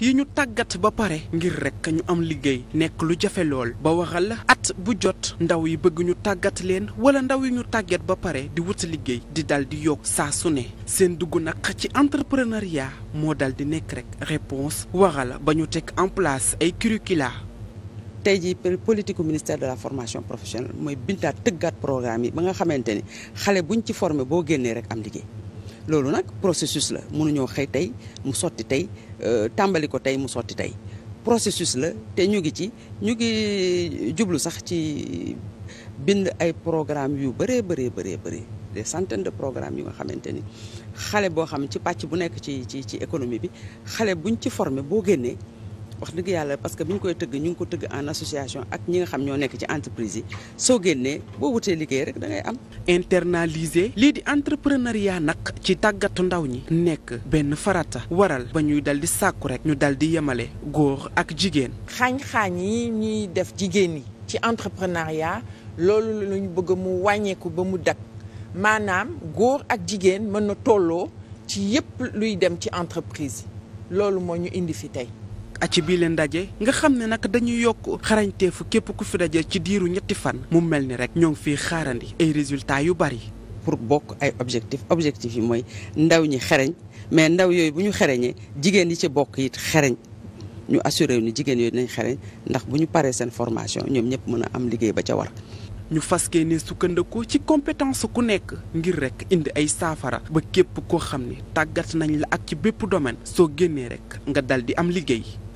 yi ñu tàggat ba pare ngir rek ñu am liggéey nekk lu jafe lool ba waral at bu jot ndaw yi bëgg ñu tàggat leen wala ndaw yi ñu tàggat ba pare di wut liggéey di dal di yokk saa su ne seen dugg nag ci entrepreneuriat moo dal di nekk rek réponse waral ba ñu teg en place ay curricula tey jii politique u ministère de la formation professionnelle mooy bindaat tëggaat programme yi ba nga xamante ni xale bu ñu ci formé boo génnee rek am liggéey loolu nag processus la mënuñoo xëy tey mu sotti tey euh, tàmbali ko tey mu sotti tey processus la te ñu ngi ci ñu ngi jublu sax ci bind ay programme yu bëree bëree bëree bëri des centaines de programmes yu nga xamante ni xale boo xam ci pàcc bu nekk ci ci ci économie bi xale buñ ci formé boo génnee wax dëgg yàlla parce que bi ñu koy tëgg ñu ngi ko tëgg en association ak ñi nga xam ñoo nekk ci entreprise yi soo génnee boo wutee liggéey rek da ngay am. internaliser lii di entrepreneuriat nag ci tàggatu ndaw ñi nekk benn farata waral ba ñuy dal di sàkku rek ñu dal di yemale góor ak jigéen. xaañ-xaañ yi ñuy def jigéen ñi ci entrepreneuriat loolu la bëgg mu wàññeeku ba mu dakk maanaam góor ak jigéen mën na tolloo ci yépp luy dem ci entreprise loolu moo ñu indi fi tey. bii leen daje nga xam ne nag dañuy yokk xarañteefu képp ku fi daje ci diiru ñetti fan mu mel ni rek ñoo ngi fiy xaarandi ay résultat yu bari. pour bokk ay objectif objectif yi mooy ndaw ñi xereñ mais ndaw yooyu bu ñu xereñee jigéen yi ci bokk it xereñ ñu assuré wu ni jigéen yooyu dinañ xereñ ndax bu ñu paree seen formation ñoom ñëpp mën a am liggéey ba ca war. ñu fas yéene sukkandiku ci compétence ku nekk ngir rek indi ay saafara ba képp koo xam ni tàggat nañ la ak ci bépp domaine soo génnee rek nga dal di am liggéey.